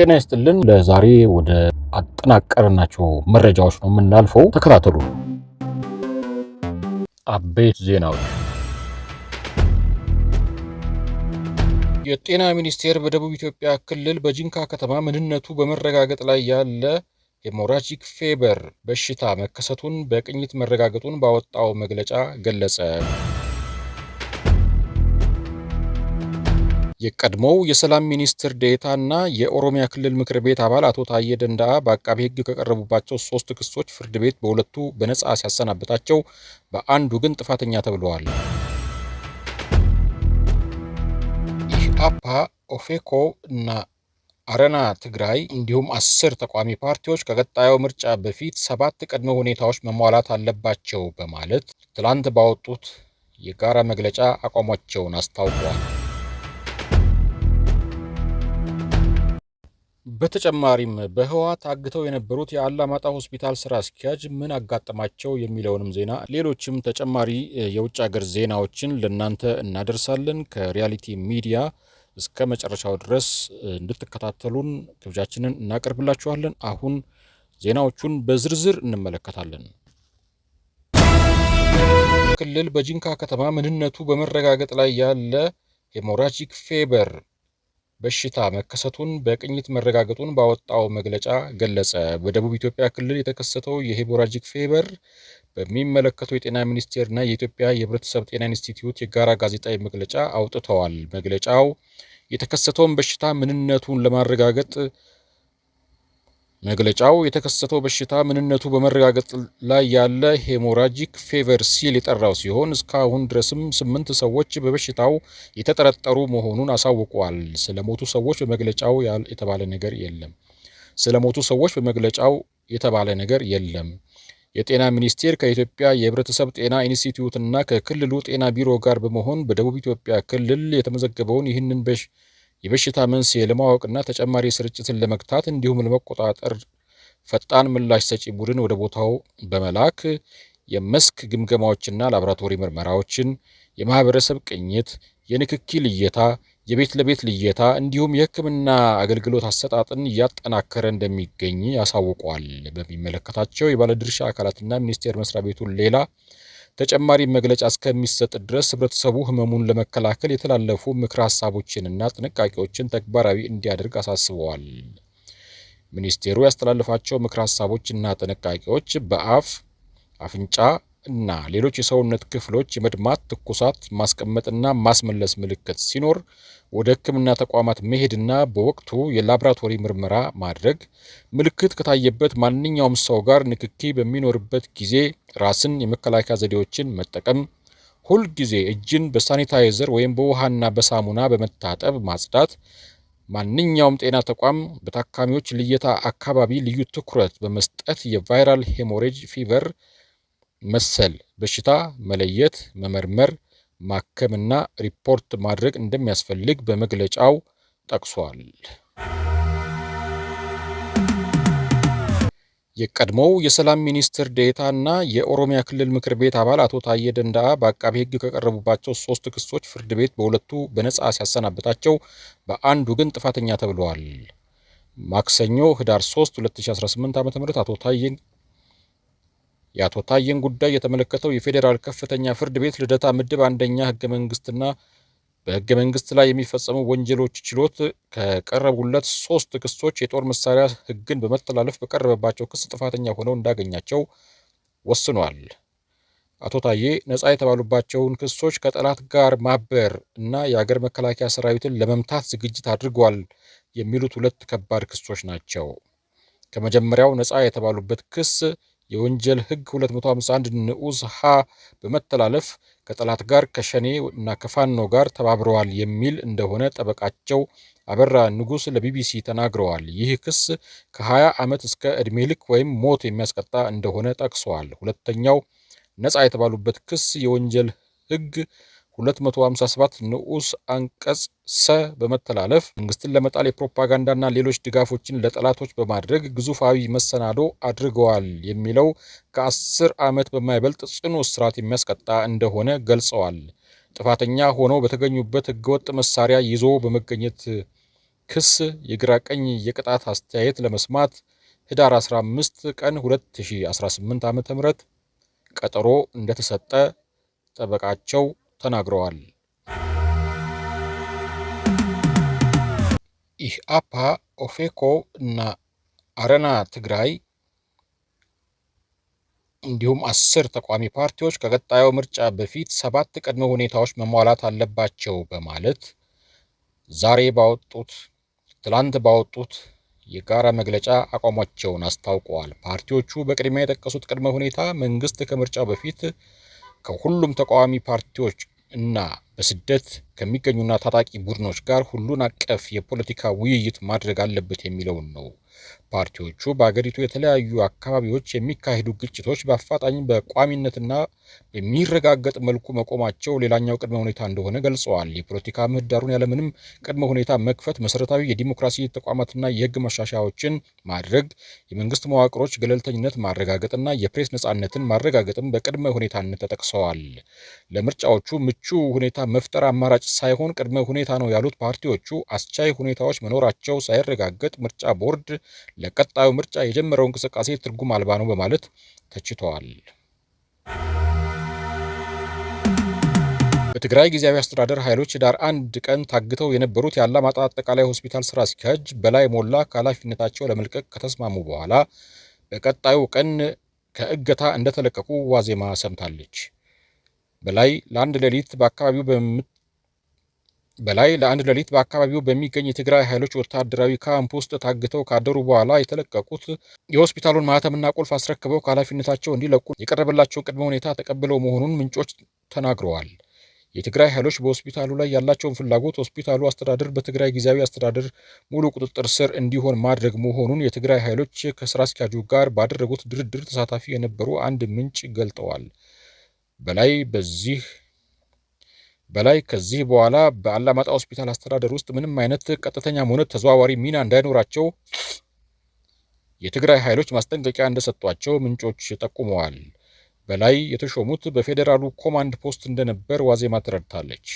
ጤና ይስጥልን። ለዛሬ ወደ አጠናቀርናቸው መረጃዎች ነው የምናልፈው። ተከታተሉ። አበይት ዜናዎች የጤና ሚኒስቴር በደቡብ ኢትዮጵያ ክልል በጂንካ ከተማ ምንነቱ በመረጋገጥ ላይ ያለ ሄሞራጂክ ፌበር በሽታ መከሰቱን በቅኝት መረጋገጡን ባወጣው መግለጫ ገለጸ። የቀድሞው የሰላም ሚኒስትር ዴታ እና የኦሮሚያ ክልል ምክር ቤት አባል አቶ ታዬ ደንዳ በአቃቤ ሕግ ከቀረቡባቸው ሶስት ክሶች ፍርድ ቤት በሁለቱ በነጻ ሲያሰናብታቸው በአንዱ ግን ጥፋተኛ ተብለዋል። ኢሕአፓ፣ ኦፌኮ እና አረና ትግራይ እንዲሁም አስር ተቃዋሚ ፓርቲዎች ከቀጣዩ ምርጫ በፊት ሰባት ቅድመ ሁኔታዎች መሟላት አለባቸው በማለት ትላንት ባወጡት የጋራ መግለጫ አቋማቸውን አስታውቋል። በተጨማሪም በህወሓት አግተው የነበሩት የአላማጣ ሆስፒታል ስራ አስኪያጅ ምን አጋጠማቸው የሚለውንም ዜና፣ ሌሎችም ተጨማሪ የውጭ ሀገር ዜናዎችን ለእናንተ እናደርሳለን። ከሪያሊቲ ሚዲያ እስከ መጨረሻው ድረስ እንድትከታተሉን ግብዣችንን እናቀርብላችኋለን። አሁን ዜናዎቹን በዝርዝር እንመለከታለን። ክልል በጂንካ ከተማ ምንነቱ በመረጋገጥ ላይ ያለ ሄሞራጂክ ፌበር በሽታ መከሰቱን በቅኝት መረጋገጡን ባወጣው መግለጫ ገለጸ። በደቡብ ኢትዮጵያ ክልል የተከሰተው የሄሞራጂክ ፌቨር በሚመለከተው የጤና ሚኒስቴርና የኢትዮጵያ የሕብረተሰብ ጤና ኢንስቲትዩት የጋራ ጋዜጣዊ መግለጫ አውጥተዋል። መግለጫው የተከሰተውን በሽታ ምንነቱን ለማረጋገጥ መግለጫው የተከሰተው በሽታ ምንነቱ በመረጋገጥ ላይ ያለ ሄሞራጂክ ፌቨር ሲል የጠራው ሲሆን እስካሁን ድረስም ስምንት ሰዎች በበሽታው የተጠረጠሩ መሆኑን አሳውቋል። ስለሞቱ ሰዎች በመግለጫው የተባለ ነገር የለም። ስለሞቱ ሰዎች በመግለጫው የተባለ ነገር የለም። የጤና ሚኒስቴር ከኢትዮጵያ የሕብረተሰብ ጤና ኢንስቲትዩትና ከክልሉ ጤና ቢሮ ጋር በመሆን በደቡብ ኢትዮጵያ ክልል የተመዘገበውን ይህንን በሽ የበሽታ መንስኤ ለማወቅና ተጨማሪ ስርጭትን ለመግታት እንዲሁም ለመቆጣጠር ፈጣን ምላሽ ሰጪ ቡድን ወደ ቦታው በመላክ የመስክ ግምገማዎችና ላብራቶሪ ምርመራዎችን፣ የማህበረሰብ ቅኝት፣ የንክኪ ልየታ፣ የቤት ለቤት ልየታ እንዲሁም የሕክምና አገልግሎት አሰጣጥን እያጠናከረ እንደሚገኝ ያሳውቋል። በሚመለከታቸው የባለድርሻ አካላትና ሚኒስቴር መስሪያ ቤቱን ሌላ ተጨማሪ መግለጫ እስከሚሰጥ ድረስ ህብረተሰቡ ህመሙን ለመከላከል የተላለፉ ምክር ሀሳቦችንና ጥንቃቄዎችን ተግባራዊ እንዲያደርግ አሳስበዋል። ሚኒስቴሩ ያስተላለፋቸው ምክር ሀሳቦችና ጥንቃቄዎች በአፍ አፍንጫ እና ሌሎች የሰውነት ክፍሎች የመድማት፣ ትኩሳት፣ ማስቀመጥና ማስመለስ ምልክት ሲኖር ወደ ሕክምና ተቋማት መሄድና በወቅቱ የላብራቶሪ ምርመራ ማድረግ፣ ምልክት ከታየበት ማንኛውም ሰው ጋር ንክኪ በሚኖርበት ጊዜ ራስን የመከላከያ ዘዴዎችን መጠቀም፣ ሁልጊዜ እጅን በሳኒታይዘር ወይም በውሃና በሳሙና በመታጠብ ማጽዳት፣ ማንኛውም ጤና ተቋም በታካሚዎች ልየታ አካባቢ ልዩ ትኩረት በመስጠት የቫይራል ሄሞሬጅ ፊቨር መሰል በሽታ መለየት፣ መመርመር፣ ማከምና ሪፖርት ማድረግ እንደሚያስፈልግ በመግለጫው ጠቅሷል። የቀድሞው የሰላም ሚኒስትር ዴኤታና የኦሮሚያ ክልል ምክር ቤት አባል አቶ ታዬ ደንደአ በአቃቤ ሕግ ከቀረቡባቸው ሶስት ክሶች ፍርድ ቤት በሁለቱ በነጻ ሲያሰናብታቸው በአንዱ ግን ጥፋተኛ ተብለዋል። ማክሰኞ ህዳር 3 2018 ዓ.ም አቶ ታዬ የአቶ ታዬን ጉዳይ የተመለከተው የፌዴራል ከፍተኛ ፍርድ ቤት ልደታ ምድብ አንደኛ ህገ መንግስትና በህገ መንግስት ላይ የሚፈጸሙ ወንጀሎች ችሎት ከቀረቡለት ሶስት ክሶች የጦር መሳሪያ ህግን በመተላለፍ በቀረበባቸው ክስ ጥፋተኛ ሆነው እንዳገኛቸው ወስኗል። አቶ ታዬ ነጻ የተባሉባቸውን ክሶች ከጠላት ጋር ማበር እና የአገር መከላከያ ሰራዊትን ለመምታት ዝግጅት አድርጓል የሚሉት ሁለት ከባድ ክሶች ናቸው። ከመጀመሪያው ነጻ የተባሉበት ክስ የወንጀል ሕግ 251 ንዑስ ሀ በመተላለፍ ከጠላት ጋር ከሸኔ እና ከፋኖ ጋር ተባብረዋል የሚል እንደሆነ ጠበቃቸው አበራ ንጉስ ለቢቢሲ ተናግረዋል። ይህ ክስ ከ20 ዓመት እስከ ዕድሜ ልክ ወይም ሞት የሚያስቀጣ እንደሆነ ጠቅሰዋል። ሁለተኛው ነጻ የተባሉበት ክስ የወንጀል ህግ 257 ንዑስ አንቀጽ ሰ በመተላለፍ መንግስትን ለመጣል የፕሮፓጋንዳና ሌሎች ድጋፎችን ለጠላቶች በማድረግ ግዙፋዊ መሰናዶ አድርገዋል የሚለው ከአስር ዓመት በማይበልጥ ጽኑ እስራት የሚያስቀጣ እንደሆነ ገልጸዋል። ጥፋተኛ ሆነው በተገኙበት ህገወጥ መሳሪያ ይዞ በመገኘት ክስ የግራ ቀኝ የቅጣት አስተያየት ለመስማት ህዳር 15 ቀን 2018 ዓ.ም ቀጠሮ እንደተሰጠ ጠበቃቸው ተናግረዋል። ኢህአፓ፣ ኦፌኮ እና አረና ትግራይ እንዲሁም አስር ተቋሚ ፓርቲዎች ከቀጣዩ ምርጫ በፊት ሰባት ቅድመ ሁኔታዎች መሟላት አለባቸው በማለት ዛሬ ባወጡት ትላንት ባወጡት የጋራ መግለጫ አቋማቸውን አስታውቀዋል። ፓርቲዎቹ በቅድሚያ የጠቀሱት ቅድመ ሁኔታ መንግስት ከምርጫው በፊት ከሁሉም ተቃዋሚ ፓርቲዎች እና በስደት ከሚገኙና ታጣቂ ቡድኖች ጋር ሁሉን አቀፍ የፖለቲካ ውይይት ማድረግ አለበት የሚለውን ነው ፓርቲዎቹ በአገሪቱ የተለያዩ አካባቢዎች የሚካሄዱ ግጭቶች በአፋጣኝ በቋሚነትና በሚረጋገጥ መልኩ መቆማቸው ሌላኛው ቅድመ ሁኔታ እንደሆነ ገልጸዋል። የፖለቲካ ምህዳሩን ያለምንም ቅድመ ሁኔታ መክፈት መሰረታዊ የዲሞክራሲ ተቋማትና የህግ መሻሻያዎችን ማድረግ፣ የመንግስት መዋቅሮች ገለልተኝነት ማረጋገጥና የፕሬስ ነጻነትን ማረጋገጥም በቅድመ ሁኔታነት ተጠቅሰዋል። ለምርጫዎቹ ምቹ ሁኔታ መፍጠር አማራጭ ሳይሆን ቅድመ ሁኔታ ነው ያሉት ፓርቲዎቹ አስቻይ ሁኔታዎች መኖራቸው ሳይረጋገጥ ምርጫ ቦርድ ለቀጣዩ ምርጫ የጀመረው እንቅስቃሴ ትርጉም አልባ ነው በማለት ተችተዋል። በትግራይ ጊዜያዊ አስተዳደር ኃይሎች ህዳር አንድ ቀን ታግተው የነበሩት የአላማጣ አጠቃላይ ሆስፒታል ስራ አስኪያጅ በላይ ሞላ ከኃላፊነታቸው ለመልቀቅ ከተስማሙ በኋላ በቀጣዩ ቀን ከእገታ እንደተለቀቁ ዋዜማ ሰምታለች። በላይ ለአንድ ሌሊት በአካባቢው በምት በላይ ለአንድ ሌሊት በአካባቢው በሚገኝ የትግራይ ኃይሎች ወታደራዊ ካምፕ ውስጥ ታግተው ካደሩ በኋላ የተለቀቁት የሆስፒታሉን ማህተምና ቁልፍ አስረክበው ከኃላፊነታቸው እንዲለቁ የቀረበላቸው ቅድመ ሁኔታ ተቀብለው መሆኑን ምንጮች ተናግረዋል። የትግራይ ኃይሎች በሆስፒታሉ ላይ ያላቸውን ፍላጎት ሆስፒታሉ አስተዳደር በትግራይ ጊዜያዊ አስተዳደር ሙሉ ቁጥጥር ስር እንዲሆን ማድረግ መሆኑን የትግራይ ኃይሎች ከስራ አስኪያጁ ጋር ባደረጉት ድርድር ተሳታፊ የነበሩ አንድ ምንጭ ገልጠዋል። በላይ በዚህ በላይ ከዚህ በኋላ በአላማጣ ሆስፒታል አስተዳደር ውስጥ ምንም አይነት ቀጥተኛም ሆነ ተዘዋዋሪ ሚና እንዳይኖራቸው የትግራይ ኃይሎች ማስጠንቀቂያ እንደሰጧቸው ምንጮች ጠቁመዋል። በላይ የተሾሙት በፌዴራሉ ኮማንድ ፖስት እንደነበር ዋዜማ ትረድታለች።